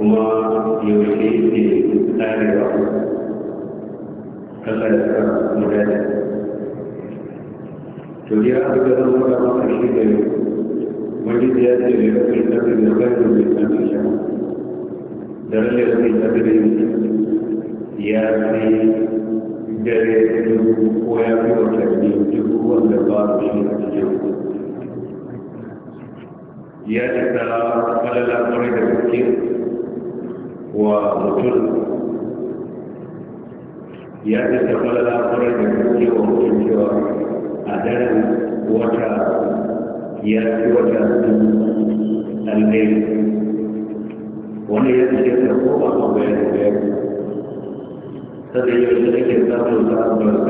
وما يلقيه في الاخره فقد اثر مجاهده چودیا بگذارم که ما اشی دیو مجی دیاد دیو این تا دیو بگر دیو بیتا میشا در لیو بیتا دیو یا دی در دیو اویا بیو چکنی جو بو اندر بار بشی اچی جو یا جتا کلالا مرد بکیر wa mutum ya fi tafala labarai da suke wa mutum a daren wata ya fi wata sun alheri wani ya fi shi ko ba ma bayan bayan samun ba fara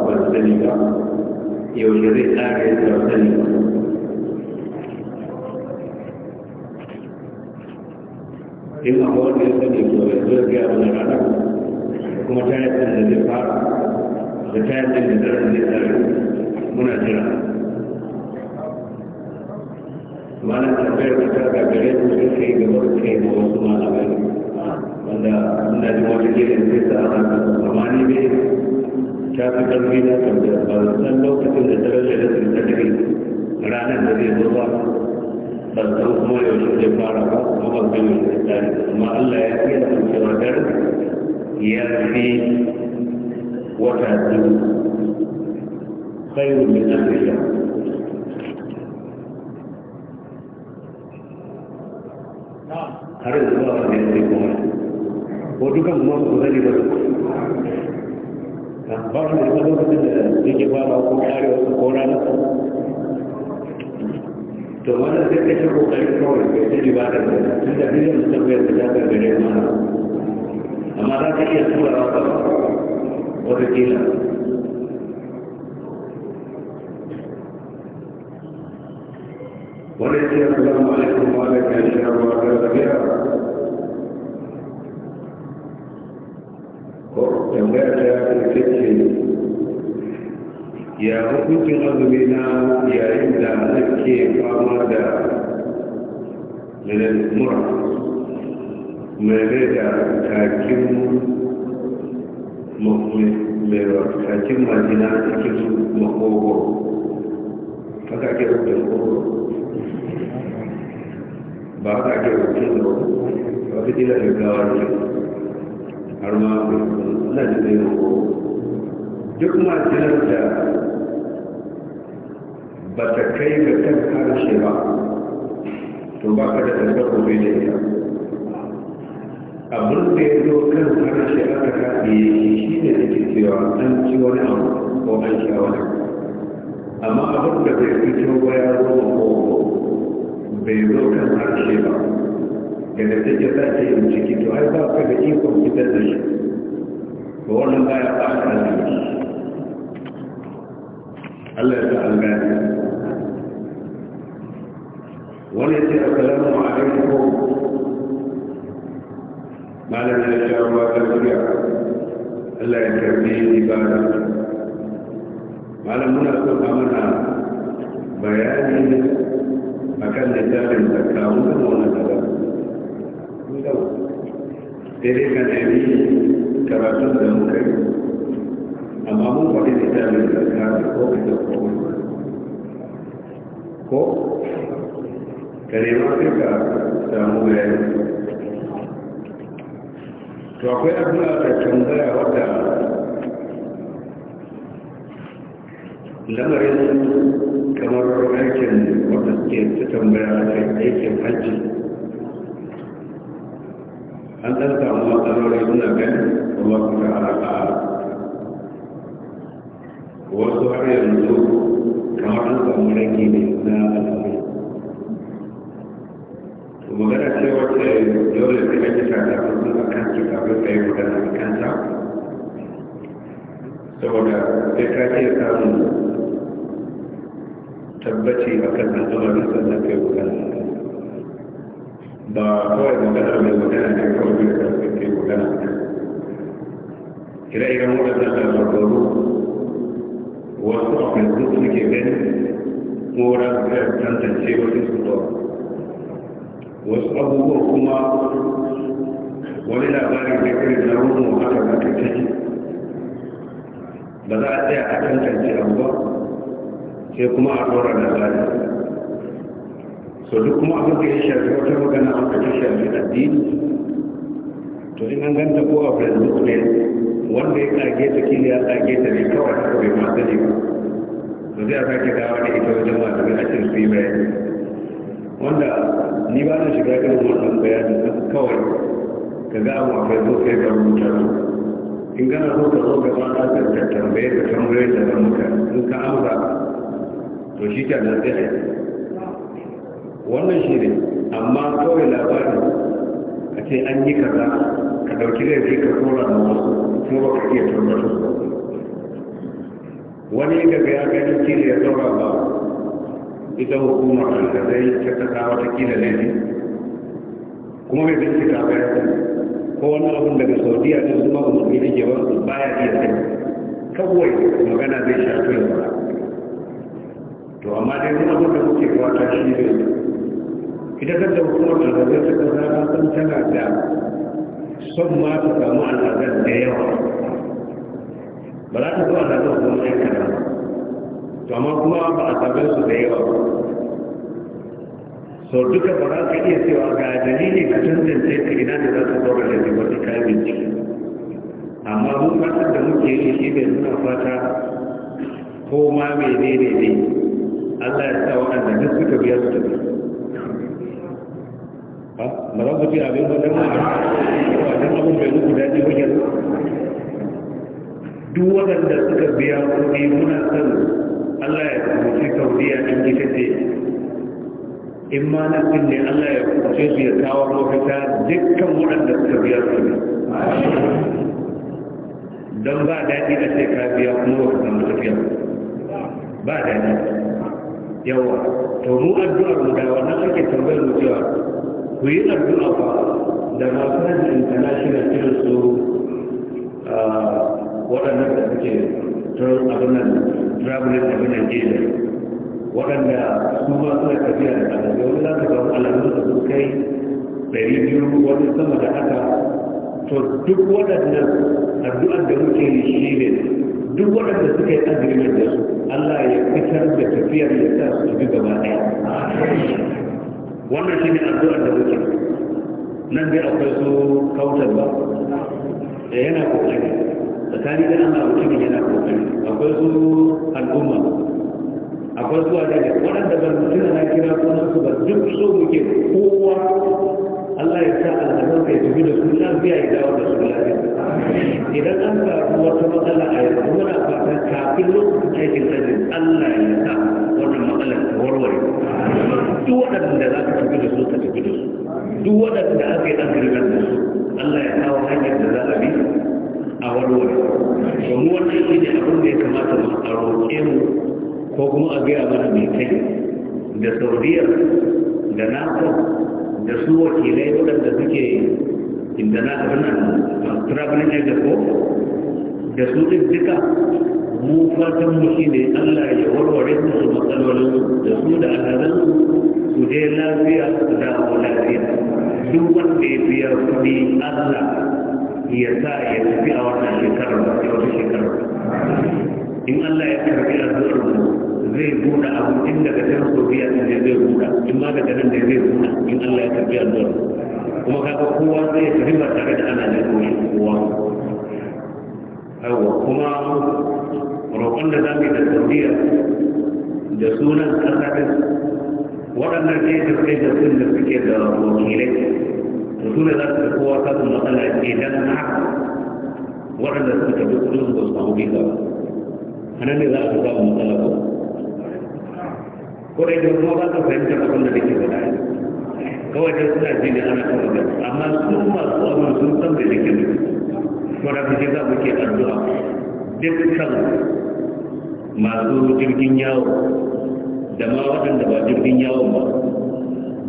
ba zai tsara in a wanda ya sani ya zo ga wani rana kuma tayar da zai fara da tayar da zai muna jira mana da ta gagare su gaba kai da wasu malamai wanda wata sai amma ni ne ta fi karfi na tambayar ba san lokacin da da ranar da zai zo ba ban san kuma yaushe zai fara ba kuma ban san yaushe amma Allah ya fiye da cewa ya fi wata biyu khairu na afrika har zuwa wani sai kuma ko dukan kuma su zani ba ba su da lokacin da suke fara ko karewa ko ranar تو وہاں سے کیسے کو کلی کرو گے کیسے بھی بات کرتے ہیں پھر جب بھی مستقبل پر جا کر گھرے مانا ہمارا کیا اس کو راہ کرو اور اکیلا اور اسے اللہ مالک و مالک میں شہر ہوا کر لگیا اور جنگیر جائے ya hukuncin azumi na yayin da nake fama da mura mai da kakin kakin majina cikin makogo ka ake rubin kogo ba haka ake rubin da wata kila da gawa har ma na da zai kogo duk majinar da ba ta kai ga kan harshe ba to ba ka da bai da ita abin da ya zo kan harshe aka kaɗe shi ne ake cewa an ci wani abu ko an sha wani amma abin da bai fito ba ya zo ma koko bai zo kan harshe ba ga da take sa ke yin ciki to ai ba ka da ikon fitar da shi ba wannan baya ba ka da shi Allah ya sa an gane وليس السلام عليكم ما لم يشاء الله تنفيع الا يكفيه عباده ما لم نكن امنا بياني akan littafin zakka wanda wani gaba daidai kan ɗari karatun da muka yi amma mun kwaɗi littafin zakka da kowace da kowace ko ka nema sai ka samu bayani to akwai addu'a da tambaya wadda lamarin kamar aikin wadda suke ta tambaya a kan aikin hajji an ɗan samu matsaloli suna gani kuma su ta alaƙa wasu har yanzu kamar an samu rage ne na alaƙa magana cewa ta dole sai an yi tata kuma a kan su kafin ka yi magana a kansa saboda sai ka iya samun tabbaci a kan al'amarin sannan kai magana ba kawai magana mai magana ne kawai da kafin kai magana ire-iren waɗannan labaru wasu a facebook suke gani ko wurin tantance wasu su wasu abubuwa kuma wani labarin da irin na rumu haka na kake ba za a tsaya a tantance abu ba sai kuma a ɗora labari so duk kuma abin da ya shafi wata magana a kake shafi addini to in an ganta ko a facebook ne wanda ya tsage ta kila ya tsage ta ne kawai haka bai masu ne ba to zai a sake dawa da ita wajen masu ne a cikin su yi bayani wanda ni ba na shiga kan wannan bayanin na kawai ka ga abu akwai zo kai ga rubuta su in gana so ka zo gaba na ka tambaye ka tambaye da ranka in ka amsa to shi ta na tsaye wannan shi ne amma kawai labarin a ce an yi kaza ka dauki da ka kora da wasu kuma ba ka iya tabbatar wani daga ya gani shi ne ya saura ba ita hukumar alkazai ta kasa kila ne kuma mai binci ta ya sani ko wani abin daga saudiya su mawa umarni ne ke wasu baya iya sani kawai magana zai shafi yau fara to amma dai wani abin da muke kwata shi ne idan kan da hukumar alkazai ta kasa ta san tana da son ma su samu alkazai da yawa ba za ta zo alkazai kuma ya kana to amma kuma ba a same su da yawa ba so duka ba za ka iya cewa ga dalili ka tantance ka ina da za su zaura da jiwa ta kayan amma mun fatar da muke yi shi ne suna fata ko ma mai ne ne, Allah ya sa waɗanda duk suka biya su tafi Ba ba za ku ce abin ba dan wannan abin bai muku daji wajen duk waɗanda suka biya kuɗi muna son Allah ya kuce tauriya in ita ce in ma na ne Allah ya kuce su ya kawo mafita dukkan waɗanda suka biya su ne don ba daɗi a ce ka biya kuma ba ka samu tafiya ba daɗi yawa to mu addu'ar mu da wannan ake tambayar mu cewa ku yi addu'a fa da masu hajji international irin su ah, waɗannan da suke tun abin nan travelers da manajeriya waɗanda su ma suna tafiya da ɗalibai wani za ka ga alamun da sun kai ɗari biyu wani sama da haka to duk waɗannan addu'ar da muke yi shi ne duk waɗanda suka yi agreement da su Allah ya fitar da tafiyar da sa su bi gaba ɗaya wannan shi ne addu'ar da muke nan dai akwai su kautar ba yana kokari tsakani da Allah mutumin yana kokari akwai su al'umma akwai su a daga waɗanda ba mutum na kira kuma su ba duk so muke kowa Allah ya sa al'adar ka ya tafi da su biya ya dawo da su lafiya idan an samu wata matsala a yanzu muna fatan kafin lokacin aikin sajin Allah ya sa wannan matsalar ta warware duk waɗanda za ka tafi da su ka tafi da su duk waɗanda aka yi ɗan da su Allah ya kawo hanyar da za a bi a warware ba mu wannan shi ne abin da ya kamata mu a roƙe mu ko kuma a gaya mana mai kai da saudiyar da nasa da su wakilai waɗanda suke inda na abin traveling aid ko da su ɗin duka mu fatan mu shi ne allah ya warware su su matsalolin da su da alhazan su je lafiya da lafiya duk wanda ya biya kuɗi allah ya sa ya tafi a wannan shekarar ya wata shekarar in Allah ya a zuwa mu zai buɗe abu in daga can sofiya din ne zai buɗe in ma daga nan ne zai buɗe in Allah ya tafi a zuwa. kuma kaga kowa zai tafi ba tare da ana da kowa yawa kuma roƙon da zamu yi da sofiya da sunan ƙasa waɗannan ne da kai da sun da suke da wakilai mutum da za su kowa kasu matsala idan haka waɗanda suka tafi kudin ba su samu visa ba a nan ne za a samu matsala ba ko da idan kuma ba su fahimtar abin da nake faɗa kawai da suna ji ne ana kawai da amma su masu abin sun san da nake nufi kuma da kuke za mu ke addu'a dukkan masu jirgin yawo da ma waɗanda ba jirgin yawon ba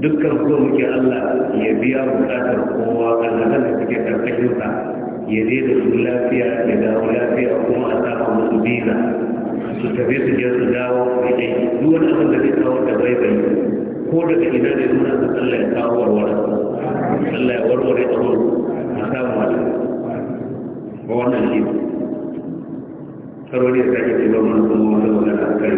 dukkan so muke Allah ya biya bukatar kowa Allah da suke karkashin sa ya je da su lafiya ya dawo lafiya kuma a samu musu biza su tafi su je su dawo idan duk wani abin da zai kawo da bai bai ko daga ina ne nuna su Allah ya kawo warware Allah ya warware abin a samu wani ba wannan shi sarori da kake ce ba mun kuma wani wani a kai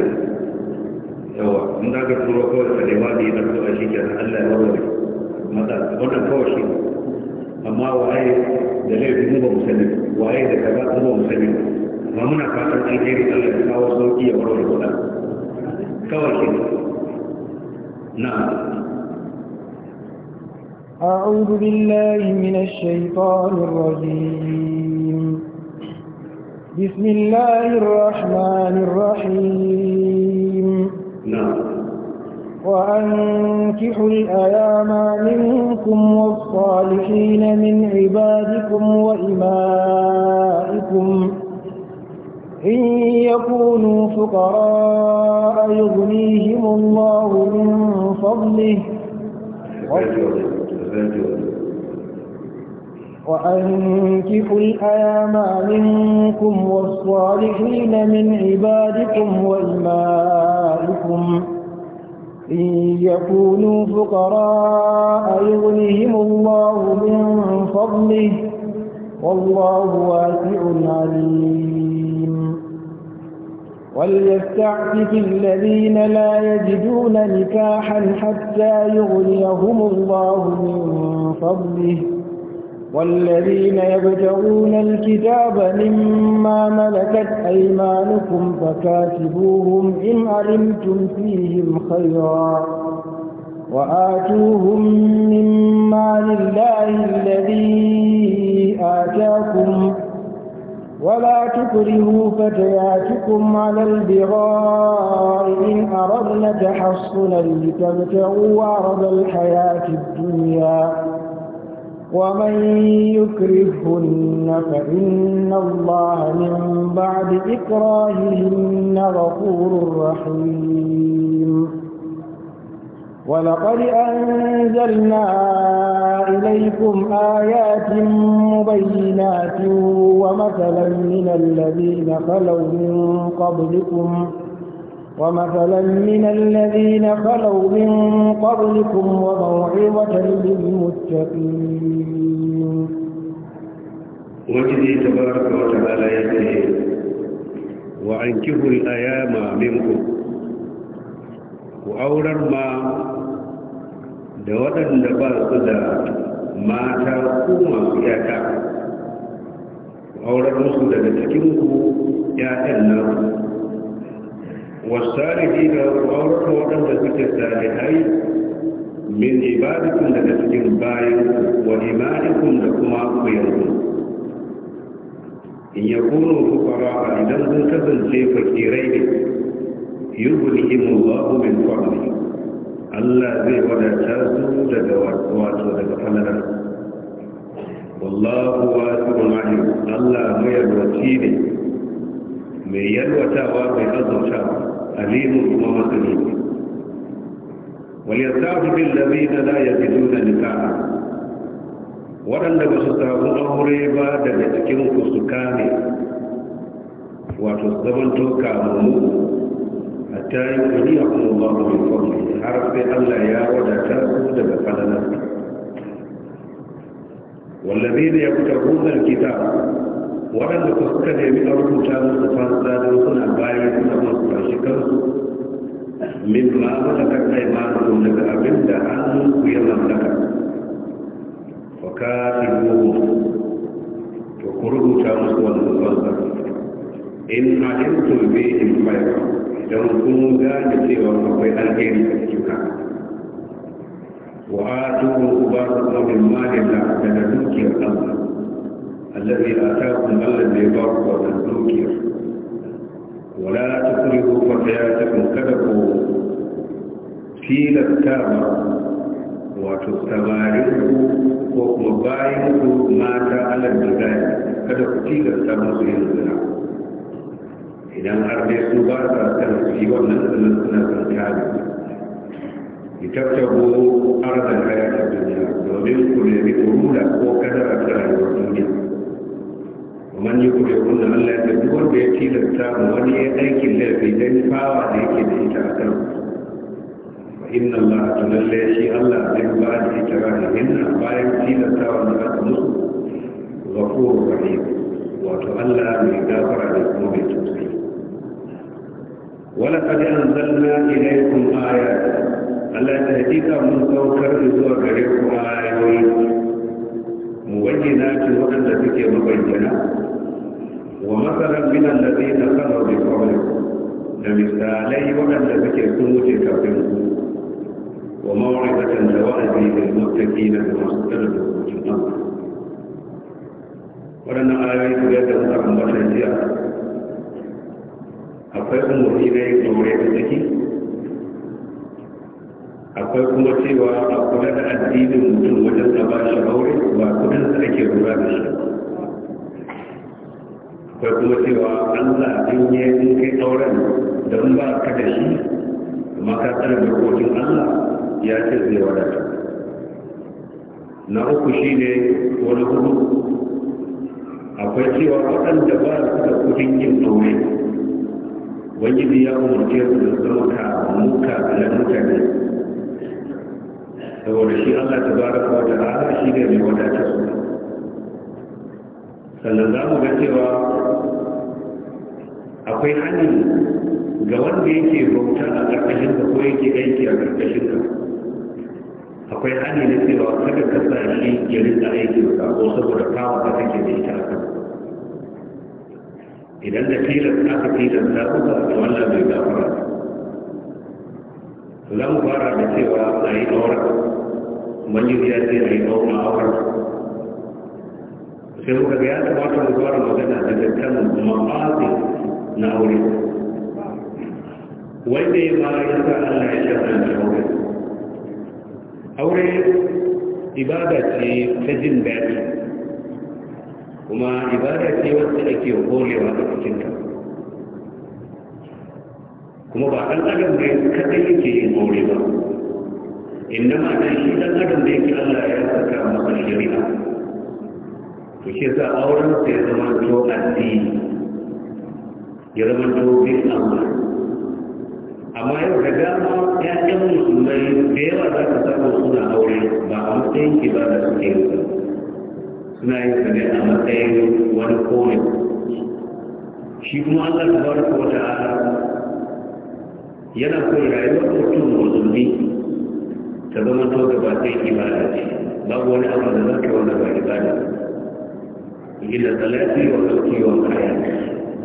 yawa in za ka turo kawai salewa da yana zuwa shi ke allah ya warware mata wannan kawai shi amma waye da laifin mu ba mu sani waye da kaza mu ba mu sani amma muna fatan alheri allah ya kawo sauki ya warware kuɗa kawai shi na'am أعوذ بالله من الشيطان الرجيم بسم الله الرحمن الرحيم نعم وأنكحوا الأيام منكم والصالحين من عبادكم وإمائكم إن يكونوا فقراء يغنيهم الله من فضله وأنكحوا الأيام منكم والصالحين من عبادكم وإمائكم لكم إن يكونوا فقراء يغنهم الله من فضله والله واسع عليم وليستعفف الذين لا يجدون نكاحا حتى يغنيهم الله من فضله والذين يبتغون الكتاب مما ملكت أيمانكم فكاتبوهم إن علمتم فيهم خيرا وآتوهم مما لله الذي آتاكم ولا تكرهوا فتياتكم على البغاء إن أردنا تحصنا لتبتغوا عرض الحياة الدنيا ومن يكرهن فإن الله من بعد إكراههن غفور رحيم ولقد أنزلنا إليكم آيات مبينات ومثلا من الذين خلوا من قبلكم ۖ ومثلا من الذين خلوا من قبلكم وموعظة للمتقين وجدي تبارك وتعالى يده وأنكحوا الأيام منكم وأورر ما دودا لباس دا ما تركوا ياتا وأورر مسلم لتكنكم يا إلا والسالكين أوروكا وأنت سكر سالحي من عبادكم لك سكر بايد لكم أقويكم إن يكونوا فقراء إذا لم تكن سيف الكيرين يغنيهم الله من فضله الله ذي ولا تاسو لدوات واتو والله واسع عليم الله ما يلوى من يلوى تاوى من اظهر أليم ومقدور وليستعف بالذين لا يجدون نكاحا ولن تستعف أمر عبادة لتكن كسكان وتستمن توكا حتى يغنيكم الله من فضله عرف أن لا يعود تأخذ بفضل والذين يكتبون الكتاب waɗanda ko suka nemi a rubuta musu fansa don suna bayan suna masu fashi kansu min ma mallakar aimanun daga abin da an ku ya mallaka wa ka to ku rubuta musu wannan fansa in alimtum bihim khayra don kun gane cewa akwai alheri a cikin ka wa ku ba su min malin da daga dukiyar Allah الذي آتاكم ملا الليبار والذوكي ولا تكرهوا فتياتكم كذبوا في لكتابة وتستغاربوا وقبائكوا ما تعالى الجزائر كذب في لكتابة في الزنا إذا أردت سبارة تنسي ونسل نسل لتكتبوا أرض الحياة الدنيا ومنكم لبقولها وكذا أكثر في الدنيا man yi kuke kunna man lafiya duk wanda ya tilasta mu wani ya laifi dan fawa da yake da ita a kan inna allaha tunalla shi allah zai ba da ita ga inna bayan tilasta wa da ta musu ghafuru rahim wato allah mai gafara da kuma mai tausayi wala qad anzalna ilaykum ayat allah ta hakika mun saukar da zuwa gare ku ayoyi mu wajina ce waɗanda suke mabayyana ومثلا من الذين خلوا بقبلكم لمثالي وأن ذكر كنوت كافركم وموعظة لوعدي للمتقين بمصدر النظر ولنا آيات بيت أمتكم وشيئا akwai umarni na yin aure da ciki akwai kuma cewa a kula da addinin mutum wajen da ba shi aure ba kudin da ake lura da shi Da kuma cewa Allah in yi in kai auren da in ba ka da shi amma ka tsara Allah ya ce zai wadata na uku shi ne wani hudu akwai cewa waɗanda ba su da kudin yin aure wajidi ya umarce su da zama muka da mutane saboda shi Allah ta baraka wa ta'ala shi ne mai wadata su sannan za mu ga cewa akwai hannun ga wanda yake bauta a ƙarƙashin ka ko yake aiki a ƙarƙashin ka akwai hali na cewa kada ka sa shi ya rinka aiki ka ko saboda kawo ka take da ita akan idan da tilasta aka tilasta kuka da wannan bai gafara za mu fara da cewa a yi aure manyan ya ce a yi aure aure sai muka ga ya kamata mu fara magana daga kan ma'azi na aure wanda ya fara ya sa Allah ya shafa da aure aure ibada ce ta jin daɗi kuma ibada ce wacce ake holewa a cikinta kuma ba ɗan adam ne kaɗai yake yin aure ba inda ma shi ɗan adam da yake Allah ya saka masa shari'a to shi yasa auren sa ya zama to addini ya zama to bin Allah amma yau da dama ƴaƴan musulmai da yawa za ka samu suna aure ba a matsayin ki ba da suke yi suna yin sa ne a matsayin wani komai shi kuma Allah ta bar ko ta yana so rayuwar mutum musulmi ta zama to gaba ɗaya ibada ce babu wani abu da zaka wanda ba ibada ba gida talati wa sauki wa kaya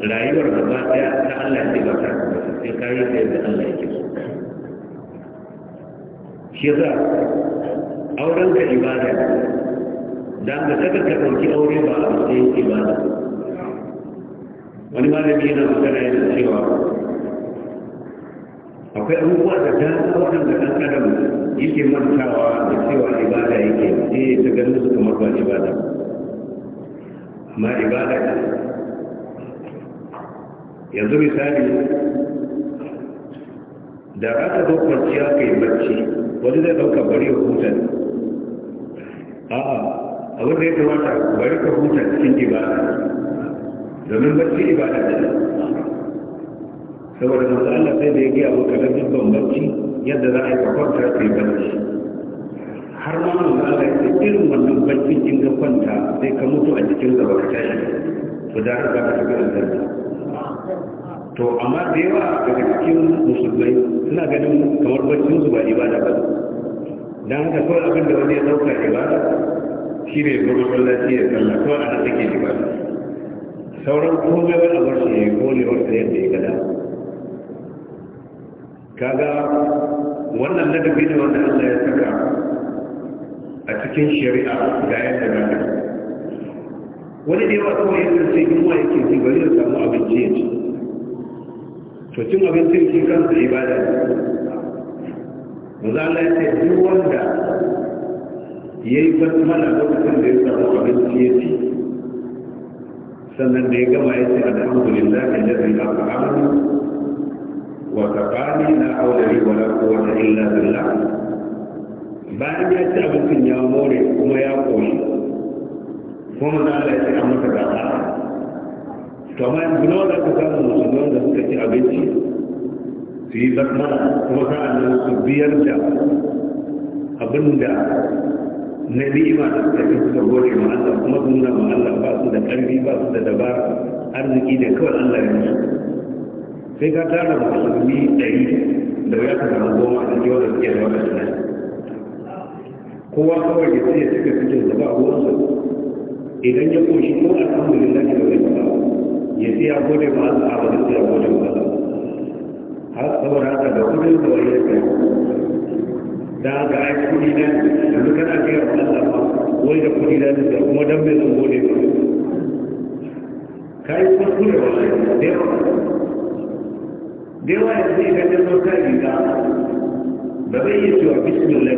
rayuwar da ba ta Allah ce ba ta sai ka yi da Allah yake so shi za auren ka ibada da ga saka ka dauki aure ba a matsayin ibada wani malami yana magana yana cewa akwai abubuwa da ta da ɗan adam yake mantawa da cewa ibada yake sai ta ganin su kamar ba ibada Ma ibada ne. yanzu misali da aka ka zo kwanciya ka yi bacci wani zai ɗauka bari ka huta ne a'a abin da ya kamata bari ka huta cikin ibada domin bacci ibada ce saboda masu Allah sai da ya gaya maka na dubban bacci yadda za a yi kwakwanta ka yi bacci har ma ga Allah ya ce irin wannan bacci in ga kwanta sai ka mutu a cikin sa baka tashi to da har za ka shiga aljanna to amma da yawa daga cikin musulmai suna ganin kamar baccin su ba ibada ba dan haka kawai abin da wani ya dauka ibada shi ne gaba shi ya kalla kawai ana take ibada sauran komai wani abu shi ne yi kolewar ta yadda ya gada kaga wannan ladabi ne wanda Allah ya saka a cikin shari'a ga yadda na da wani da yawa kawai yadda sai yunwa yake ji bari ya samu abinci ya ci to cin abincin shi kansa ibada ne maza Allah ya ce duk wanda ya yi basmala lokacin da ya samu abinci ya ci sannan da ya gama ya ce alhamdulillah da jazin al'amari wa kafani na aulari wa la quwwata illa billah bayan ya ci abincin ya more kuma ya koyi. kuma za a ya ce masa gasa to amma yanzu nawa za ka samu musulman da suka ci abinci su yi zama kuma a nan su biyar da abin da na ni'ima da suka fi suka gore ma Allah kuma sun na ma Allah ba su da ƙarfi ba su da dabara arziki da kawai Allah ya musu sai ka tara musulmi ɗari da ya ka samu goma a cikin wanda suke da wata tunani kowa kawai ya tsaye suka fi a zaba ruwansa idan ya koshi ko lafi da bai ba ya sai ya gode ba Allah a wajen sai ya gode ba a har haka da kudin da wani ya kai da ga ai kudi na yanzu kana kira Allah ma wani da kudi na da kuma dan bai zan gode ba Ka yi wallahi da yawa da yawa yanzu idan ya zo kan riga ba zai iya cewa bismillah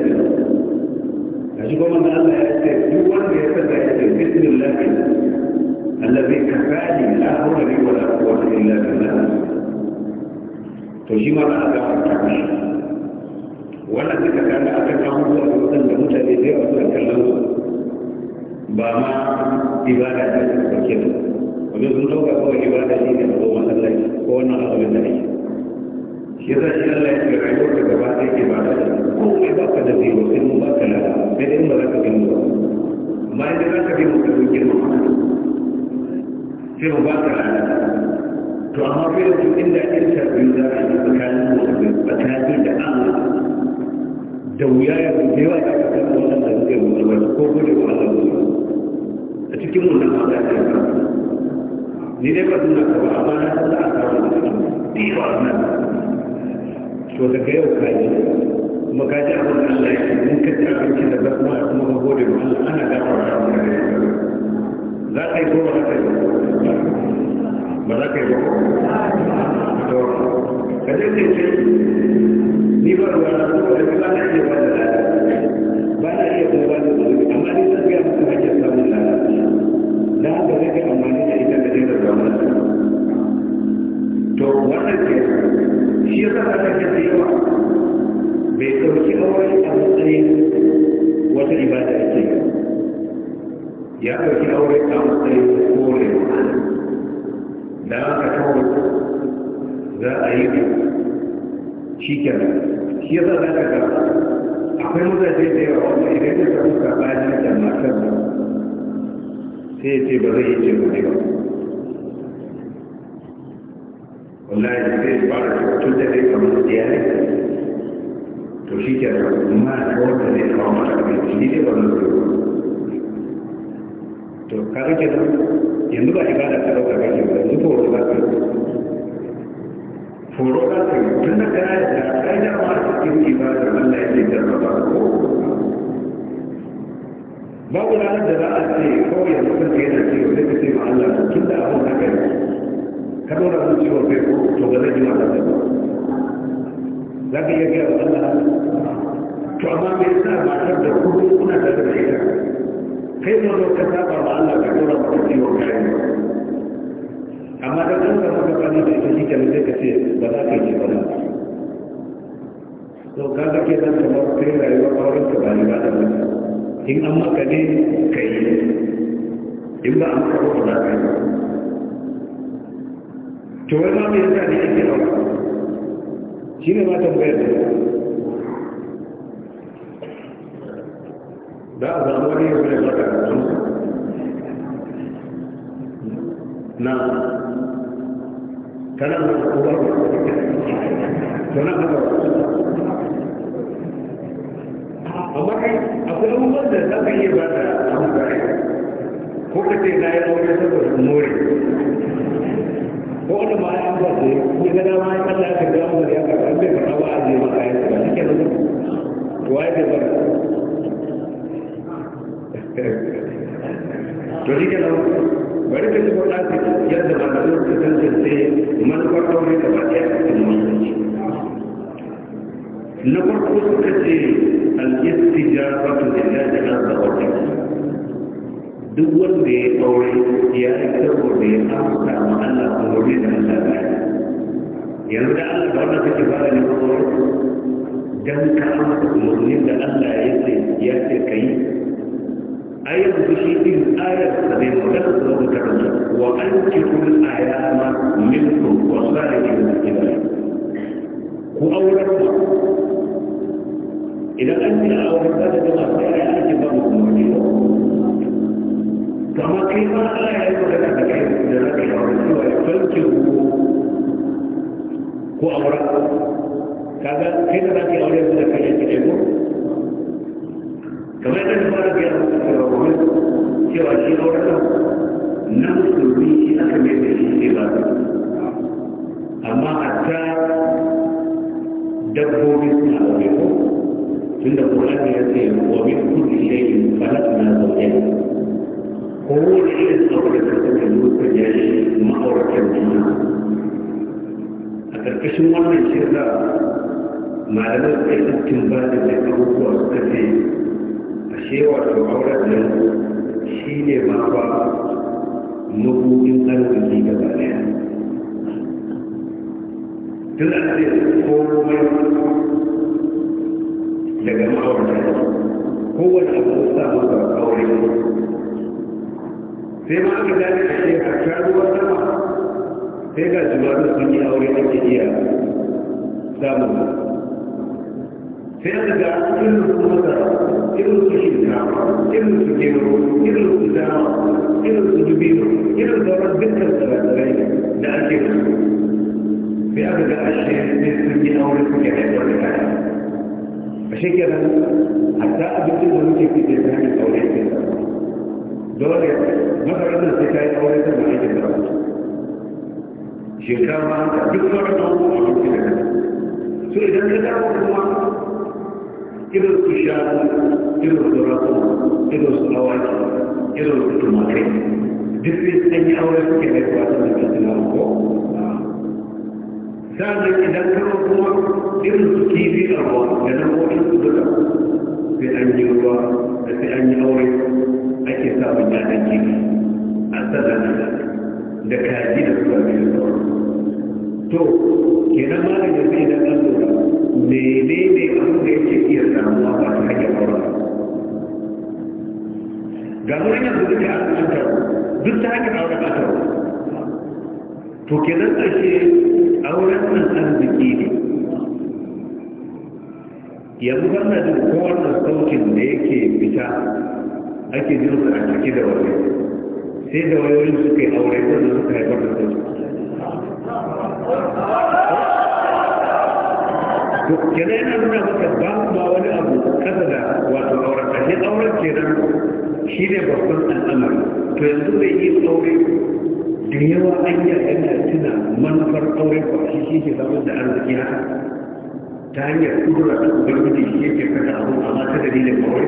أجيب من الله يأتي هو يتبع بسم الله الذي كفاني لا هو لي ولا قوة إلا بالله تجيب من الله يأتي ولا تكتب أكثر من الله وسلم متلذي وسلم ba ma ibada ta ke ba wani sun dauka kawai ibada shi ne ko masallaci shi za shi Allah ya ce rayuwar ka gaba ɗaya ke ba da ko kai ba ka da zai wasu mu ba ka lada sai dai in ba za ka bin ba amma idan za ka bin mu ka zo girma sai mu ba ka lada to amma bai da cikin da ake shafi za a yi tsakanin mu da tsakanin da Allah da wuya ya fi yawa da aka kan wannan da suke musulmai ko gode wa Allah a cikin wannan ma za ka yi ni dai ba suna kawo amma na san da aka kawo da ba. nan to daga yau ka ji kuma ka ji abin Allah ya ce in ka ci abinci da kuma kuma ka gode ma ana za ka yi ko ba ka yi ba za ka yi ba to ka je ce ce ni ba ruwa na ko da ba na iya ba da ba na iya ko ba da amma ni zan ga mutum hajjar samun lalaci na haka zai ga amfani da ita da jin da to wannan ke shi ya sa ta da yawa bai ɗauki aure a matsayin wata ibada ake yi. ya ɗauki aure a matsayin kore da aka kawo za a yi shi kenan shi ya sa ta da akwai mutane da yawa wanda idan ka samu saɓani da matar sai ya ce ba zai yi ce ba wallahi zai fara tun da zai kamar iyali to shi ke ma wanda zai kawo ne ba zai to kaga ke nan yanzu ba ibada ta dauka ba ke yanzu foro za ka foro za ka yi tun da kana da kai da ma ta cikin ibada Allah ya ce jarraba ko babu ranar da za a ce kawai yanzu yana ce wani ka Allah tun da abin haka ne ka dora mun cewa bai ko to ba zai ji ma lafiya ba za ka iya gaya wa Allah to amma me yasa matar da kudu kuna da da ita kai ma zo ka saba ma Allah ka dora mun ciwon kai amma da kan ka maka bani da ita shi kenan sai ka ce ba za ka yi ba to ka ga ke nan kamar kai rayuwa auren ka ba ni ba da in an maka ne yi? in ba an karɓo ba za ka yi to wai ma me yasa ne ake aure shi ne ma tambayar da da a zama wani yau ne baka na kana da kuma to na haka amma kai akwai abubuwan da za ka iya ba da amfani ko ka ce na yi aure saboda more ya ga dama ya Allah ya karɓi da ya karɓi an bai karɓa a je ma kayan ba shi ke to wai da bar to shi ke bari ka ci faɗa ta yadda ba da lokacin tantance manufar aure da ba ta yi cikin musulunci na farko suka ce al-istijabatu lillahi azza wa ta duk wanda ya aure ya yi saboda ya amsa ma Allah kuma da Allah yanzu da Allah da wannan kake fara ne ko dan ka amsa umarnin da Allah ya ce ya ce kai ayat shi din ayat da ne magana da Allah ta rubuta wa ankiru ayama minkum wa salihin ila ku aure ku idan an ji a wurin da jama'a sai ya ake ba mu umarni kama kai ma Allah ya yi magana da kai da zaka yi aure cewa fankiru ko aure kaga kai da zaka aure su da kai ki ko kamar da fara ga rawar cewa shi aure ka nan turbi shi aka mai da shi ce ba amma hatta dabbobi suna aure ko tunda Qur'ani ya ce wa min kulli shay'in khalaqna zawjayn kowane irin aure da ta zo ka jashi ma'auratan juna a ƙarƙashin wannan shirka malamai suka yi cikin ba da da abubuwa suka ce a shewa da auren nan shi ne ma ba mabuɗin arziki gaba ɗaya tun a ce komai daga ma'aurata kowane abu sa masa aure sai ma aka gane a shekara ruwan sama sai ga jimarin sun yi aure ake iya samun sai aka ga irin su masara irin su shinkafa irin su gero irin su dama irin su dubino irin sauran dukkan tsirrai da ake da sai aka ga ashe sai sun yi aure suke haifar da kaya a shekarar hatta abincin da muke fice ta hanyar aure ke dole makarantar sai ta yi aure ta ma'aikin da wasu shinkafa haka duk sauran da wani abinci da kan so idan ka dawo kuma irin su shanu irin su rakuma irin su awaki irin su tumakai duk sai sun yi aure suke haifuwa su da kasilan ko sannan idan kama kuma irin su kifi a ruwa da nan wani su duka sai an yi ruwa da sai an yi aure ake samun yanan kifi a sadar da kaji da suka biyu sauransu to kenan malam yanzu idan an lura menene abin da yake iya samuwa ba ta hanyar aure ga mu yanzu duka a cikin taro duk ta hanyar aure ba ta to kenan auren nan arziki ne yanzu wannan duk kowane sautin da yake fita ake jin su a ciki da waje sai da wayoyin suka yi aure ko da suka haifar da sautin kenan yana nuna maka ba ba wani abu kada da wato auren a shi auren kenan shi ne babban al'amari to yanzu zai yi aure da yawa an yi yana tuna manufar aure ba shi shi ke zama da arziki haka ta hanyar kudura ta ubangiji shi yake kasa abu amma ta dalilin aure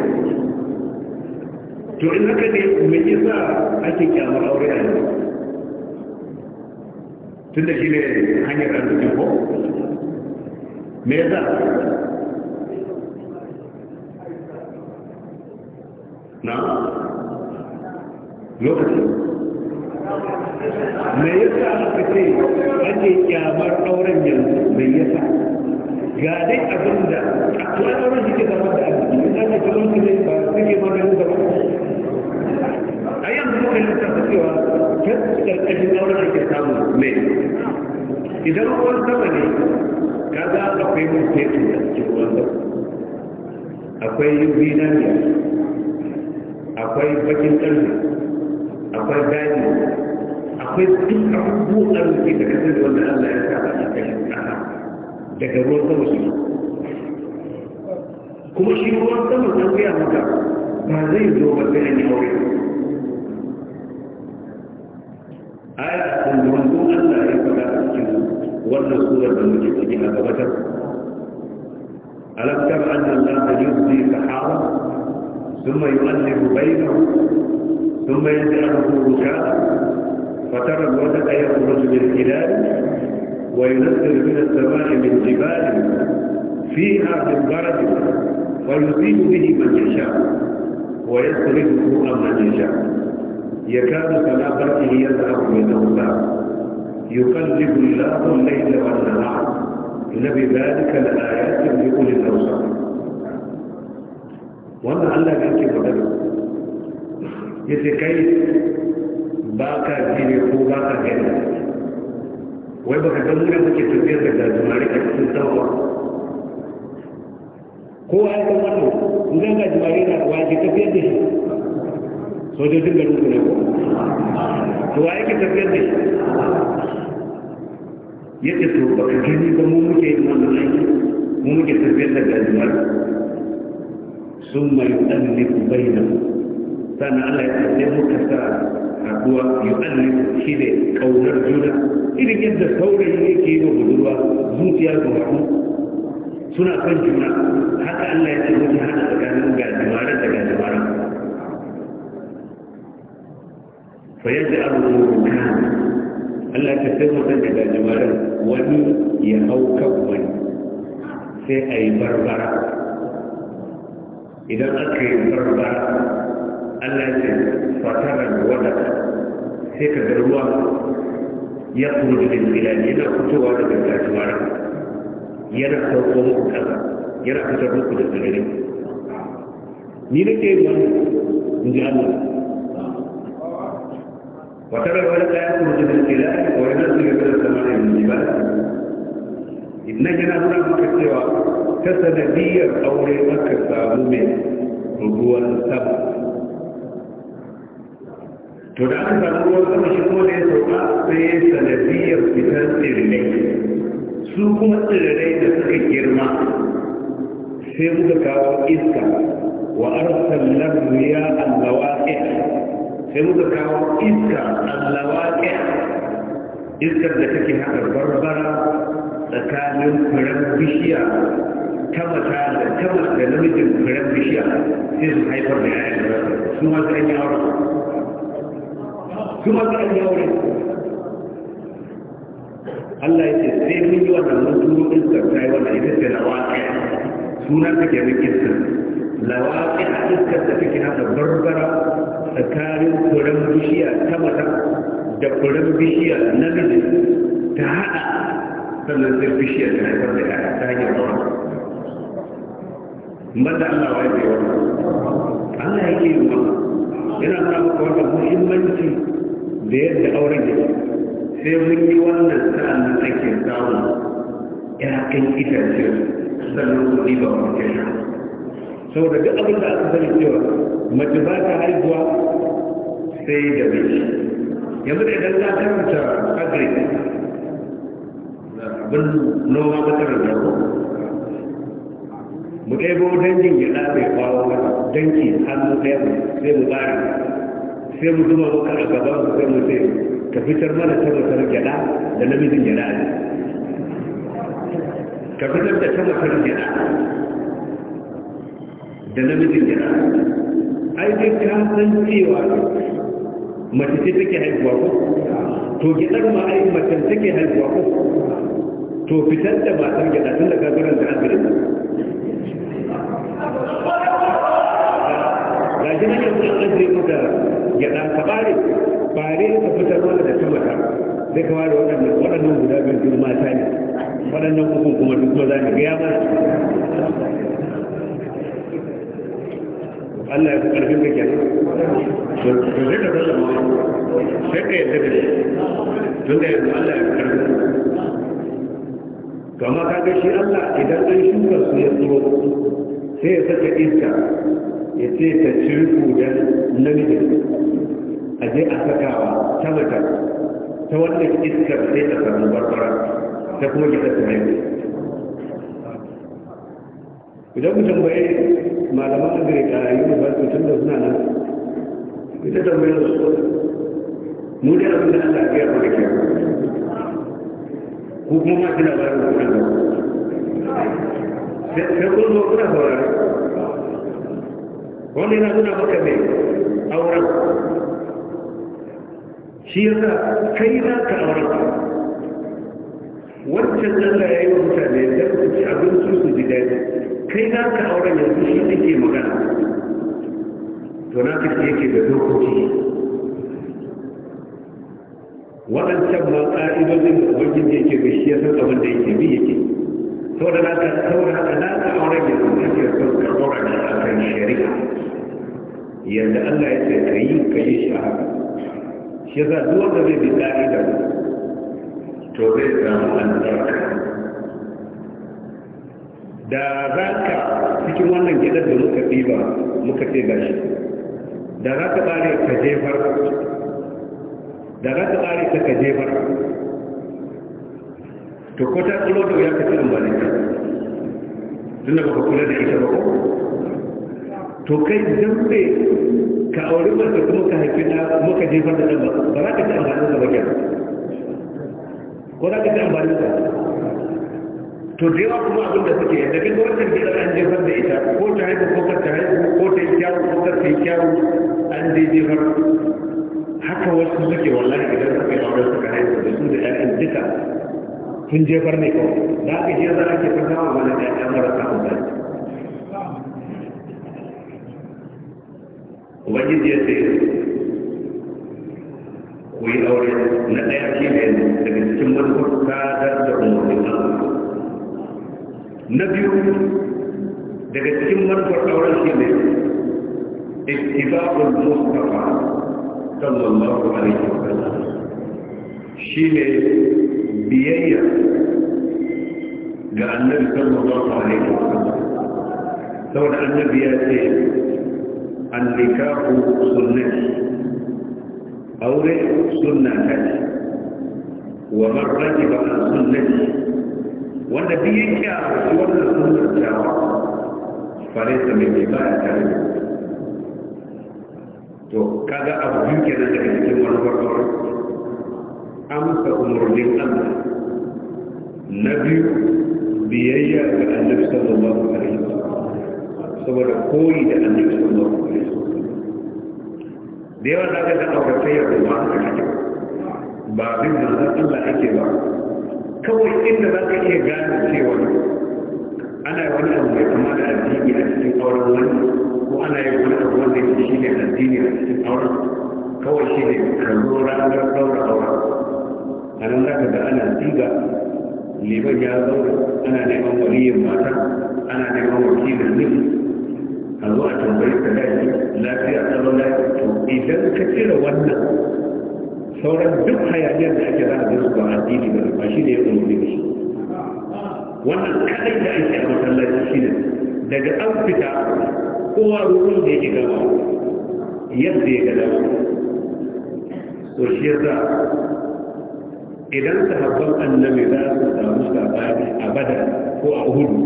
to in haka ne me yasa ake kyamar aure a yanzu tun da shi ne hanyar arziki ko me yasa na lokaci me yasa aka ce ake kyamar auren yanzu me yasa ga dai abin da a tuwa auren shi ke zama da arziki ina da kilomita ne ba suke maganin zama a yanzu kuka yi lissafa cewa karkashin auren ake samu ne idan ruwan sama ne kaga akwai mun fetu da cikin ruwan sama akwai zinariya akwai bakin ƙarfi akwai daji akwai duk abubuwan arziki da kasar wanda allah ya sa a ƙarƙashin ƙasa daga ruwan sama shi kuma shi ruwan sama zan gaya maka ba zai zo ba sai an yi aure aya sun da wanda Allah ya faɗa a cikin wannan surar da muke ciki a gabatar alam tara anna Allah yuzzi sahaba thumma yu'allifu bainahu thumma yaj'aluhu rushada فترى الودق يخرج من خلال وينزل من السماء من جبال فيها من برد فيصيب به من يشاء ويصرفه عن من يشاء يكاد سنابته يذهب من أوسع يقلب الله bi والنهار إن بذلك لآيات لأولي الأوسع wannan Allah ya ce magana yace kai ba ji ne ko ba gani wai baka ga mun muke tafiyar da gajimare a cikin tsawa ko ai kuma wannan in ga gajimare na tafiyar da shi sojojin garin ku ne ko to wa yake tafiyar da shi yace to ba ka gani ba mu muke yin wannan aiki mu muke tafiyar da gajimar sun mai tsalle ku bai bayyana sannan Allah ya tsaye muka sa haduwa yu'allifu shi ne kaunar juna irin yadda saurayi yake yi wa budurwa zuciya ga mutum suna son juna haka Allah ya ce mutum hana tsakanin gajimare da gajimare fa yadda abu ne Allah ta sai mutum da gajimaren wani ya hau kan wani sai a yi barbara idan aka yi barbara Allah ce fatarar wadda sai ka ga ya kuma da bilbilani yana fitowa daga gajimaren yana sauko muku kaza yana fitar muku da tsirrai ni nake yi wani in ji وترى الولد لا يخرج من الكلاب وينزل الى السماء من الجبال ان جناه نفسك سوى كسب بي او ريمك الصابون وهو السبب تدعك تقول كما شكو لي سوى سي سنبي بتنسير لي سوكم التغري نفسك الجرمى سيبك كاو اسكا وارسل الرياء برا خیر خیر سی سائفی سو مطلب سو مطلب اللہ سیون مل کر سو نکل lawaƙi a iskar da take haka barbara tsakanin kuren bishiya ta mata da kuren bishiya na miji ta haɗa sannan sai bishiya ta haifar da ya ta hanyar ruwa banda Allah wa yake wani Allah yake yi wani yana nuna maka wata muhimmanci da yadda auren yake sai mun yi wannan sa'an nan ake samun 'ya'yan itace sannan kuɗi ba mutum saboda duk abin da aka sani cewa mace ba ta haihuwa sai da miji yanzu da idan ta karanta agri abin noma ba ta rana ko mu ɗebo dangin ya ɗaɗe kwawo mata danki hannu ɗaya sai mu tsari sai mu zuba maka a gaban mu sai mu sai ka fitar mana ta matar gyaɗa da namijin gyaɗa ne ka fitar da ta matar gyaɗa da namijin yana ai dai ka san cewa mace ce take haihuwa ko to gidan ma ai mace take haihuwa ko to fitar da matar gida tun da gagarin da asirin nan ga shi nan yanzu an ajiye maka gida ka bare bare ka fitar mana da ta mata sai ka ware waɗannan waɗannan guda biyu mata ne waɗannan uku kuma duk maza ne ga ya ba Allah ya fi ƙarfin ka kenan to sai ka sai ka yadda da shi tun da yanzu Allah ya fi ƙarfin to amma ka shi Allah idan an shuka su ya tsoro sai ya saka iska ya ce ta ciri kudan namijin a je a sakawa ta mata ta wannan iskar sai ta samu barbara ta kuma gida ta mai idan mutum bai malaman agrik a university tun da suna nan ita tambayar su mu da abin da Allah ya fara ke ku kuma ma kina ba da kuma sai kun zo kuna saurari wanda yana nuna maka mai auren shi yasa kai za ka auren wancan Allah ya yi wa mutane da su ci abin su ji daji kai na ka aure yanzu shi ke magana to na ka yake da dokoki waɗancan ma ƙa'idodin da wajen da yake gashi ya san abin da yake bi yake da na ka saboda haka na ka aure yanzu ke son ka auren a kan shari'a yadda Allah ya ce ka yi ka yi shi haka shi yasa duk wanda zai bi ƙa'idar to zai samu albarka da za ka cikin wannan gidan da muka ɗiba muka ce gashi da za ka ɓare ka jefar da za ka ɓare ka jefar to ko ta tsoro da ya ka ci amfani ka tunda ba ka kula da ita ba ko to kai dambe ka auri mata kuma ka haifi na muka ka jefar da ɗan ba ba za ka ci amfani ka ba ko za ka ci amfani da to da kuma abin da suke yadda kin wancan gida an jefar da ita ko ta haihu ko ta haihu ko ta yi kyawu ko ta yi kyawu an dai jefar haka wasu suke wallahi idan suka yi auren suka haihu da su da ƴaƴan duka sun jefar ne kawai da aka je za a ke fata wa wani ƴaƴan marasa amfani ubangiji ya ce ku yi aure na ɗaya shi daga cikin manufar sadar da umarnin Allah na biyu daga cikin manufar auren shi ne ittiba'ul mustafa sallallahu alaihi wa sallam shine biyayya ga annabi sallallahu alaihi wa sallam saboda annabi ya ce annikahu sunnati aure sunna ta wa man ba an sunnati wanda bi yake a wannan sunnar tawa falaita ta mai baya tare to kaga abu biyu kenan daga cikin wani farko amsa umarnin Allah na biyu biyayya ga annabi sallallahu alaihi saboda koyi da annabi sallallahu alaihi wasallam da yawan da aka ga aure sai ya a cikin ba abin da zan Allah ake ba kawai inda za ka iya gane cewa ana yi wani abu mai kama da addini a cikin auren wani ko ana yi wani abu wanda yake shi ne addini a cikin auren kawai shi ne ka zo ranar ɗaura auren a nan zaka da ana diga liman ya zo ana neman waliyin mata ana neman wakilin nufi a zo a tambayi ka lafiya lafiya tsaro lafiya to idan ka cire wannan sauran duk hayaniyar da ake za a zai su ba addini ba ba shi ne ya umarni da shi wannan kadai da ake a masallaci shi ne daga an fita kowa ruwan da yake gaba yadda ya gada to shi yasa idan sahabban annabi za su samu sabani a badar ko a hudu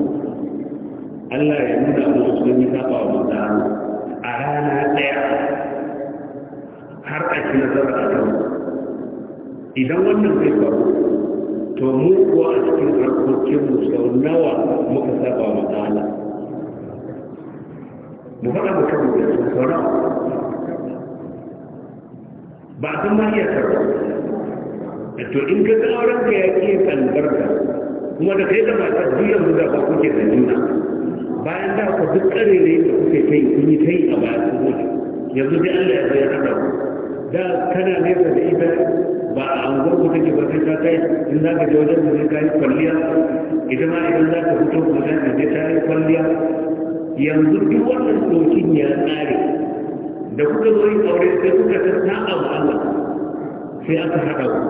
Allah ya nuna musu sun yi saba wa manzo a rana daya har a cikin nasara a kansu idan wannan zai faru to mu kuwa a cikin harkokin mu sau nawa muka saba wa ta'ala mu faɗa mu kan da su sau ba a san ma iya sarrafa to in ka ga auren ka ya ke albarka kuma da kai da mata biyan mu da ba ke da juna bayan da ku duk kare ne da kuke kai kun yi kai a baya yanzu dai Allah ya zai da ku da kana nesa da ita ba a angon ku take ba sai ta kai in za ka je wajen da zai kayi kwalliya ita ma idan za ka fito ku wajen da zai kayi kwalliya yanzu duk wannan dokin ya tsare da kuka zo yin aure sai kuka ta sa'a wa Allah sai aka haɗa ku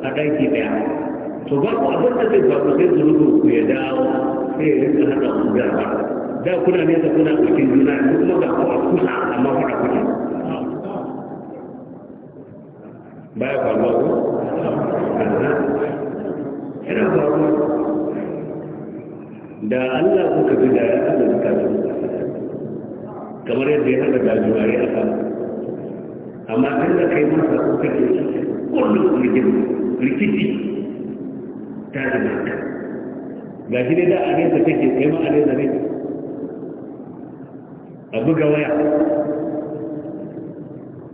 a ɗaki ɗaya to ba ku abin da zai faru sai zurutun ku ya dawo sai ya rinka haɗa ku da ba da kuna nesa kuna cikin juna yanzu kuma ga ku a kusa amma faɗa kuke baya faruwa ko yana faruwa da Allah kuka fi da ya Allah ka fi kamar yadda ya haɗa dajuwaye a kan amma kan da kai masa kuka ke kullum rikici ta da naka ga shi dai da a nesa take kai ma a nesa ne a buga waya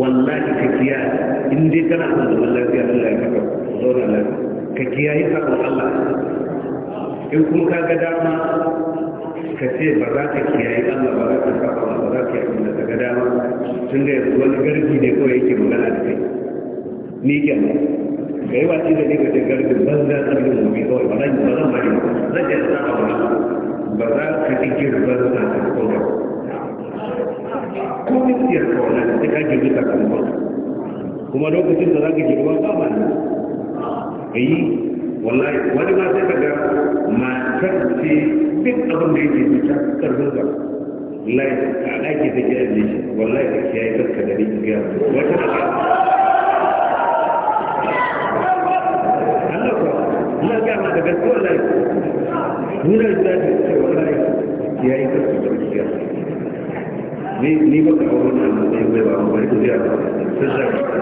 wallahi ka kiya in dai kana da wallahi lafiya Allah ya kaka zauna lafiya ka kiyaye Allah in kuma ka ga dama ka ce ba za ka kiyaye Allah ba za ka saba ba za ka yi da ga dama tun da yanzu wani garbi ne kawai yake magana da kai ni ke ne ka yi watsi da ni ka ce garbi ban za ka yi mu kawai ba zan ba zan ba ne ba zan ce ba ba za ka ji ba za ka kawai ko gaskiyar ka kuma lokacin da za ka girba ba ma nan yi wallahi wani ma sai ka matar ce duk abin da yake fita karfin ka wallahi a ɗaki ta gida ne wallahi ka kiyaye kanka da rikin gaya wata Allah ko Allah ga ma da gaskiya wallahi nuna da cewa wallahi kiyaye kanka da rikin gaya ni ba ka aure da annabi bai ba ba ta a sai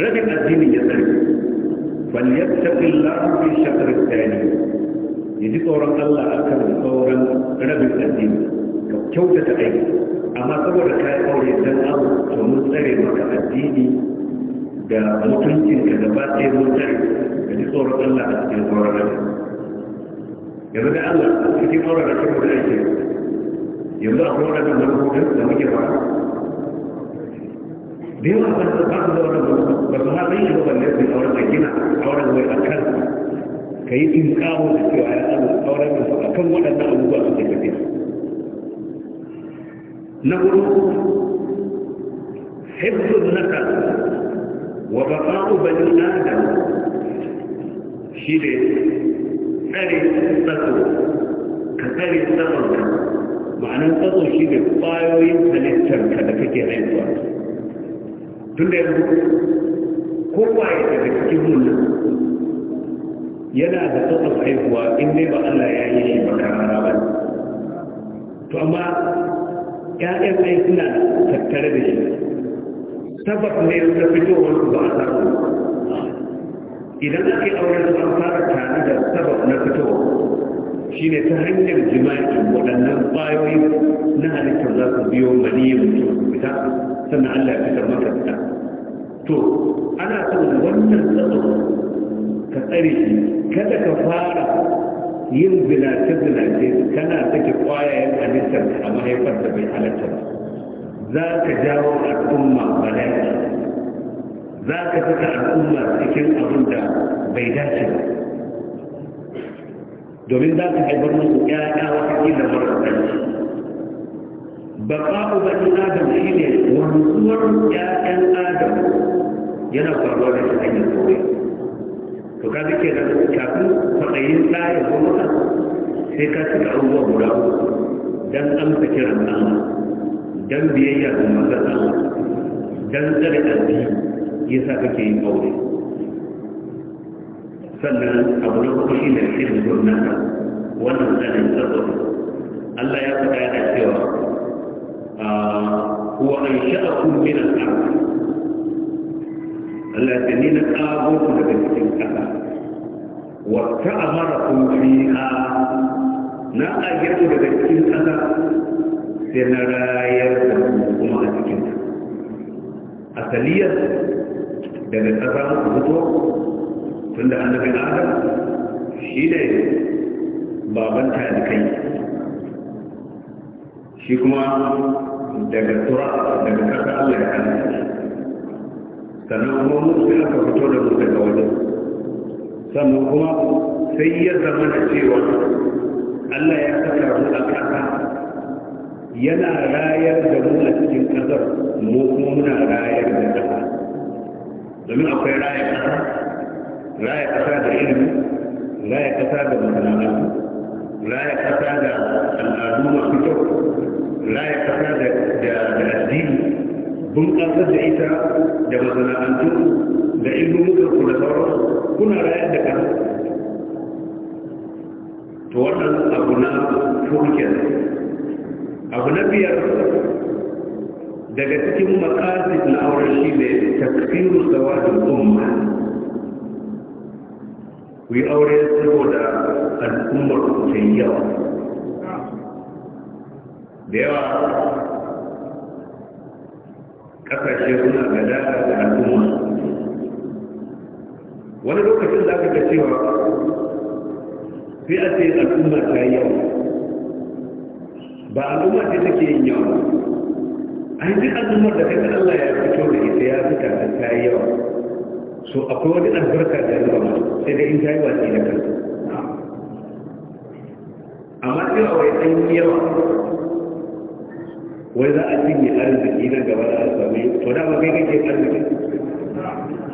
رجل الدين يسلم فليتق الله في الشهر الثاني يجي طورا الله أكبر طورا ربي الدين كو تتعي أما طور كاي طور يسلم أو تمتعي مكة الدين دا مطلسين كذبات مطلسين يجي طورا الله أكبر طورا ربي يبدا الله في طورا ربي الدين يبدا طورا ربي الدين يبدا طورا ربي الدين da yawan ba su da wannan ba su ma san shi ba balle su auren a gina auren wai a kan ka yi in kawo da cewa ya tsaro auren su a waɗannan abubuwa na bani adam shi ne tsare tsaro ka tsare tsaron ka ma'anar tsaro shi ne kwayoyin halittar ka kake tun da yanzu kowaye daga cikin mulkin yana da tsatsar haihuwa in dai ba Allah ya yi shi makarara ba to amma ya'yan ai suna tattare da shi Tabbas ne da fitowar su ba a samu idan ake auren su an fara tare da sabab na fitowa shi ne ta hanyar jima'i waɗannan ƙwayoyi na halittar za su biyo maniyyar mutum fita sannan Allah ya fitar maka fita. to ana son wannan tsaro ka tsare shi kada ka fara yin zinace-zinace kana take kwayayen halittar a mahaifar da bai halatta ba za ka jawo al'umma bala'i za ka saka al'umma cikin abin da bai dace ba domin za ka haifar musu ƴaƴa wata kila mara بقاء بني adam shi ne wanzuwar 'ya'yan adam yana faruwa da shi hanyar kawai to ka zike da kafin matsayin tsarin gwamnati sai ka cika abubuwa guda dan amsa kiran Allah dan biyayya ga manzon Allah dan tsare Ya sa kake yin aure sannan abu na kuma shi ne shirin gwamnati wannan tsarin tsarin Allah ya faɗa yana cewa وأنشأكم من الأرض الذين a لكم كذا وتأمركم فيها na ajiyarku daga cikin ƙasa sai na rayar da kuma a cikin asaliyar daga ƙasa muka fito tun da annabin adam shi ne baban talikai shi kuma daga tura daga kasa Allah ya kan sannan kuma mu sai aka fito da mu daga wajen sannan kuma sai ya zama da cewa Allah ya saka mu a kasa yana rayar da mu a cikin kasar mu kuma muna rayar da kasa domin akwai rayar kasa rayar kasa da ilimi rayar kasa da masana'antu rayar kasa da al'adu masu kyau raya kasa da addini bunƙasar da ita da masana'antu da ilmumukanku da sauran kuna rayar da kasa to wannan abu na turkiyar abu na biyar daga cikin makasit na auren shi ne takfiru zawajin umma ku yi aure saboda al'ummar ku yawa da yawa kasashe suna daɗa da al'umma wani lokacin za ka ga cewa sai a ce al'umma ta yi yawa ba al'umma ce take yin yawa ai duk al'ummar da kai Allah ya fito da ita ya fita da ta yi yawa so akwai wani albarka da ya zama sai dai in ta yi watsi da kanta amma cewa wai yi yawa wai za a cinye arziki na gaba da asami to da ba kai kake arziki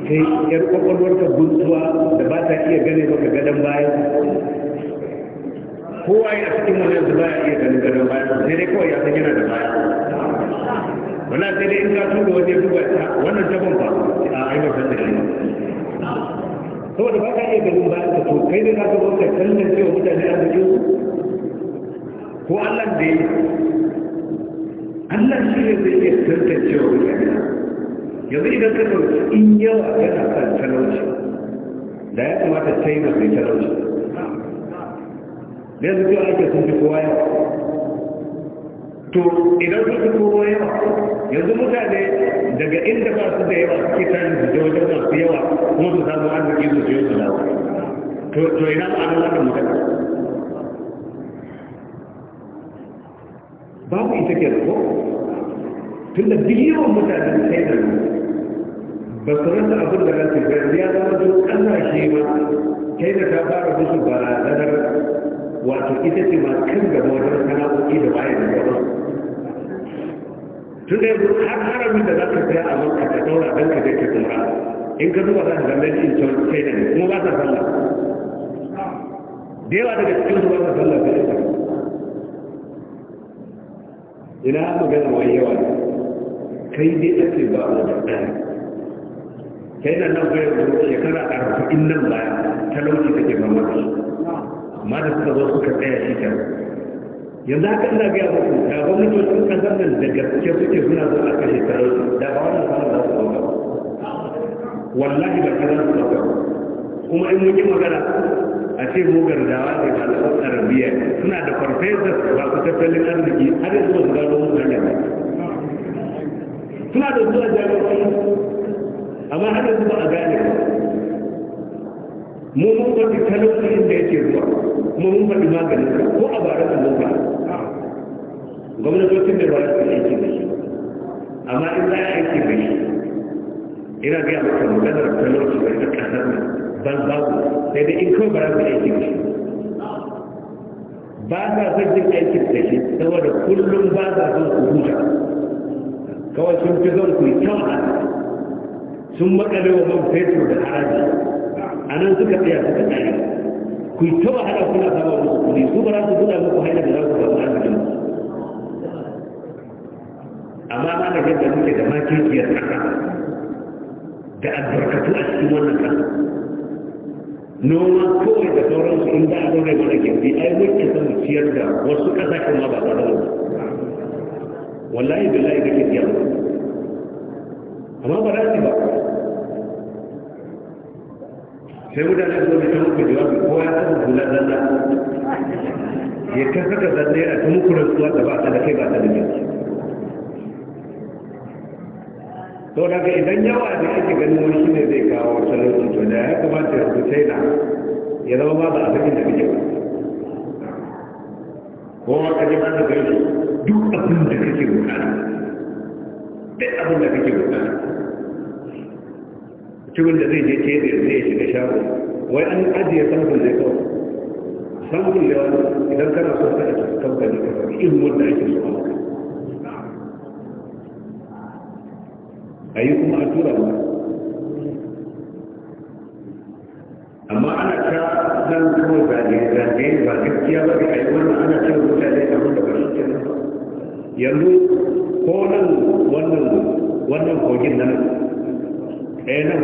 kai yar kwakwalwar ta guntuwa da ba ta iya gane maka gadon bayan kowa ya cikin wani yanzu baya iya ganin gadon bayan sai dai kawai ya san yana da baya wannan sai dai in ka tura wani ya duba ta wannan jabon ba a aiwatar da shi saboda ba ka iya ganin bayan ka to kai ne za ka zo ka tallance cewa mutane arzikin ko Allah da ya Allah shi ne zai iya tantancewa mutane yanzu idan ka ɗauki in yawa yana kan talauci da ya kamata ta china mai talauci da yanzu kyau ake sun fi kowa yawa to idan sun fi kowa yawa yanzu mutane daga inda ba su da yawa suke tani su je wajen masu yawa kuma su samu arziki su je su dawo to ina ma'anar wannan mutane babu ita ke da ko tun da biliyon mutane sai da ba su rasa abin da rasu ba ya zama zo ƙasashe ma kai da ta fara musu barazanar wato ita ce ma kan gaba wajen sana'o'i da bayan gaba tun da yanzu har haramin da za ka saya a maka ka ɗaura don ka je ka in ka zuwa za ka zama yin cewa sai da kuma ba ta sallah da yawa daga cikin su ba ta sallah da ina magana wai yawa kai dai ake ba wa da ɗaya kai na nan kai zuwa shekara arba'in nan ta talauci take ba mata amma da suka zo suka tsaya shi ta yanzu haka ina gaya muku da gwamnatocin kasar nan da gaske suke suna zo a kashe talauci da ba wannan samun da su ɗauka wallahi ba kaza su ɗauka kuma in muke yi magana a ce mu gardawa ne ba da malaman arabiya suna da farfesas ba su tattalin arziki har yanzu ba su gano mun hanyar ba suna da zuwa jami'ai amma har yanzu ba a gane ba mu mun faɗi talaucin da yake zuwa kuma mun faɗi maganin ko a bara da mun faɗi gwamnatocin da ba su aiki da shi amma in za a aiki da shi ina gaya maka maganar talauci ga ita ƙasar nan banza sai dai in kawai ba za su aiki da shi ba sa son jin aiki da shi saboda kullum ba sa son su huta kawai sun fi zon ku yi kyau a sun makale wa man fetur da haraji a nan suka tsaya suka tsaya ku yi ta wahala kuna saba musu kuɗi su ba za su buɗa muku hanyar da za ku samu arzikin musu amma ana yadda muke da makekiyar ƙasa da albarkatu a cikin wannan ƙasa noma kawai da sauransu in ba a zaune mana gindi ai wacce sun ciyar da wasu ƙasashen ma ba da zaune wallahi billahi kake ciyar amma ba za ba sai mutane su zama muku jawabi ko ya kasa hula zanna ya kasa ka zanne a ta muku rantsuwa da ba ta da kai ba ta da girki to daga idan yawa da ake ganin wani shi ne zai kawo talauci to da ya kamata ya rubuta na ya zama ba ba a sakin da kake ba ko ka ji ba da kai duk abin da kake bukata duk abin da kake bukata mutumin da zai je ce da zai shiga shago wai an ajiye samfin zai kawo samfin da idan kana so ka ɗauki kamfani ka ɗauki ilmin da ake so a maka a yi kuma a tura ba amma ana ta zan kuma zage zage ba gaskiya ba da ayi wannan ana cewa mutane a da ba shi ke yanzu ko nan wannan wannan kogin nan ɗaya eh nan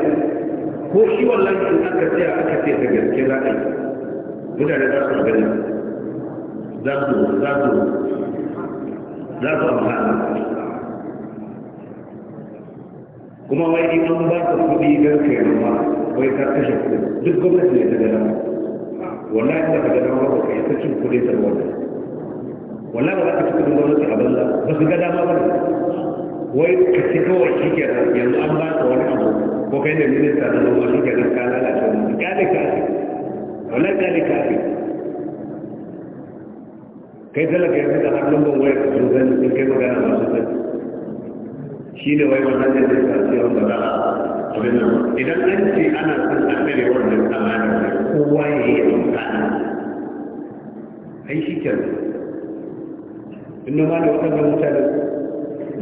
ko shi wannan in aka tsaya aka ce da gaske za a yi mutane za su gani za su za su za su amfana kuma wai in an ba ka kuɗi don kai noma wai ka kashe kuɗi duk gwamnati ne ta gada wallahi ya ka gada ma ba ka isa cin kuɗi ta wannan wallahi ba za ka ci kuɗin gwamnati a banza ba su gada ma ba ne wai ka ci kawai shi ke yanzu an ba ka wani abu ko kai da minista na noma shi ke nan ka lalace wani kyale ka ake wallahi kyale ka ake kai talaka yanzu da har lambar wayar ka sun sani sun kai magana masu zai shi ne wai wannan da zai sa sai wanda za a idan an ce ana son a tsere wannan tsamani kowa ya yi amfani ai shi ke inda ma da waɗannan mutane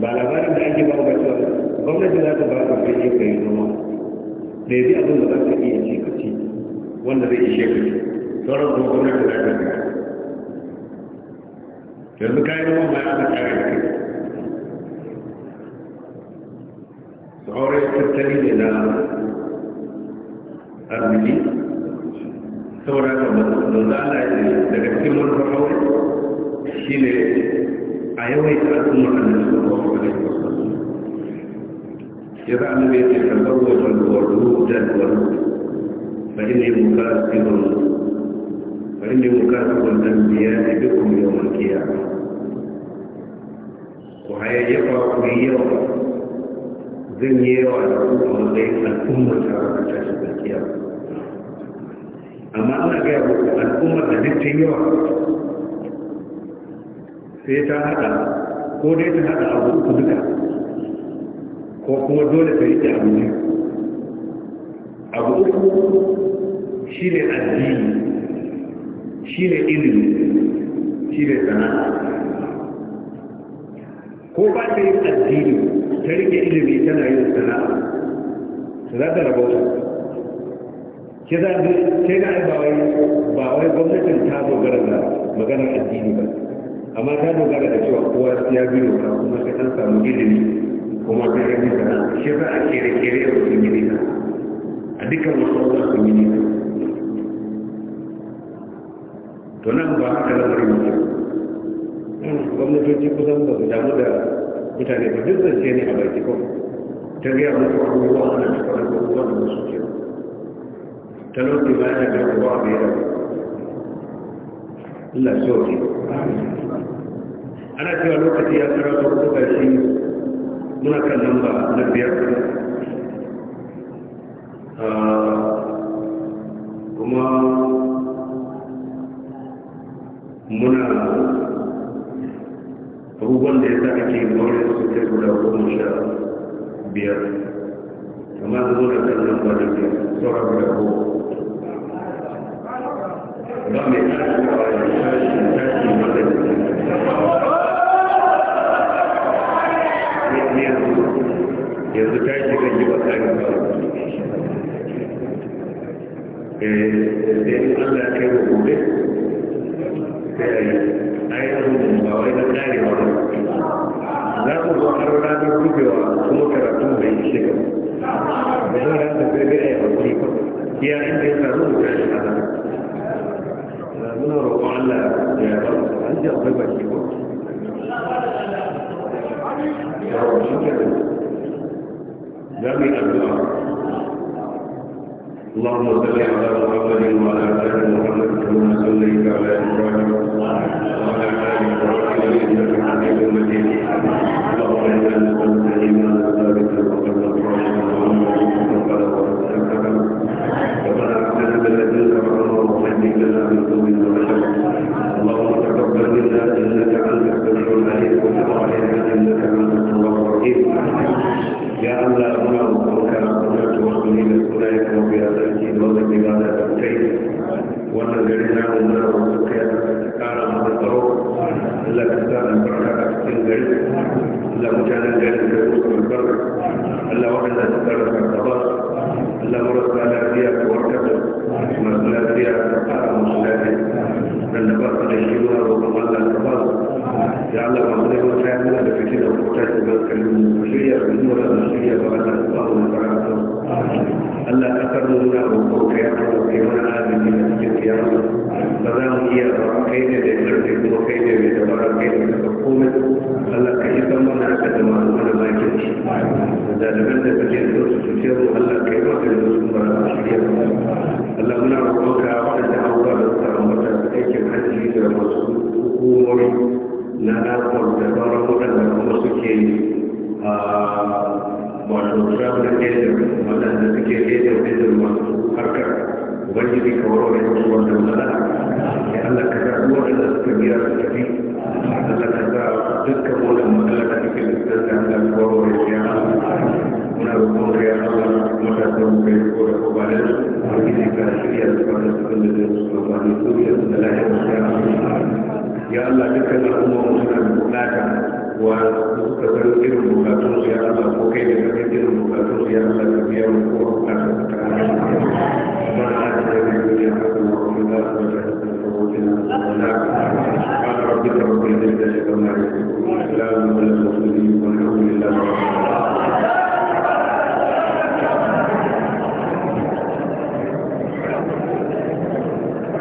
ba labarin da ake ba ga cewa gwamnati za ta ba ka kai ka yi noma da ya yanzu abin da za ka iya ce ka ce wanda zai ishe ka ce sauran kuma gwamnati za ta ga yanzu kayan noma ma ya ana kare da kai aure tattali ne na arziki saboda ka manzo Allah ya daga cikin manufar aure shine a yawaita al'ummar annabi sallallahu alaihi wasallam ya za mu yi tabarwa da waruda da waruda fa inni mukasirun ne inni mukasirun dan biya bikum yawm al-qiyamah ku hayayyafa ku yawa zan yi yawa da kuma zai al'ummar ta ta shi gaskiya amma ana gaya muku al'ummar da duk ta yawa sai ta haɗa ko dai ta haɗa abu uku duka ko kuma dole ta ta abu ne abu uku shi ne addini shi ne ilimi shi ne sana'a ko ba ta yi addini ta rike ilimi tana yin sana'a su za ta rabauta ke za a ce na ai bawai bawai gwamnatin ta dogara da maganar addini ba amma ta dogara da cewa kowa ya bi doka kuma sai an samu ilimi kuma ta yi sana'a shi za a kere kere a yi nisa a dukkan masarautar sun yi nisa to nan ba haka lamarin mutum gwamnatoci kusan ba su damu da mutane ba duk zance ne a baki kawai ta gaya musu abubuwa ana cikin abubuwa da musu ke ta lokaci ba yana da bai da Allah ana cewa lokaci ya tsara kuka shi muna kan lamba na biyar ah, misali wurin suke guda goma sha biyar amma zuwa kan nan ba da ke sauran guda goma ya Allah muna roƙonka muna tawassuli da sunayen ka mafi azanci da wanda ke ba da kai wannan gari na muna roƙonka ya ƙara masa tsaro Allah ka sa albarka a cikin gari Allah mutanen garin ka su albarka Allah waɗanda suka da gaba Allah marasa lafiya ka warkar da masu lafiya ka ƙara masu lafiya dan da ba da shi ba roƙon Allah ka ba ya Allah ba su da wata ya da fitina ko ta shi ba kan mu shirya da mu da mu shirya ba Allah ka ba mu Allah ka karbo mu ko roƙon ka ya ko kai mana azumi da cikin kiyama ba za mu iya ba kai ne da karfi kuma kai ne mai dabara kai ne da Allah ka yi san mana da jama'a mana bakin shi da daban da kake so su cuce mu Allah ka yi da su ba shirya Allah muna ka wanda ta hawa da aikin hajji da wasu hukumomi na ɗaukar da sauran waɗanda kuma suke wato traveling agent waɗanda suke agent agent masu harkar ubangiji ka warware musu wannan matsala ya Allah ka sa waɗanda suka biya su tafi Allah ka sa dukkan wannan matsala da suke da suka Allah ka warware ya Allah muna roƙon ka ya Allah matasan ya kai ko da kobanin ubangiji ka shirya da kwanan su da zai su amfani su ya da lahiyar su ya ya Allah dukkan al'umma mu suna da bukata wa suka san irin bukatun su ya Allah ko kai da kake irin bukatun su ya Allah ka biya mu ko bukatun su ta Allah ma ta da duniya ka kuma ku da su da su da قال ربك رب العزة عما يصفون سلام على المرسلين والحمد لله رب العالمين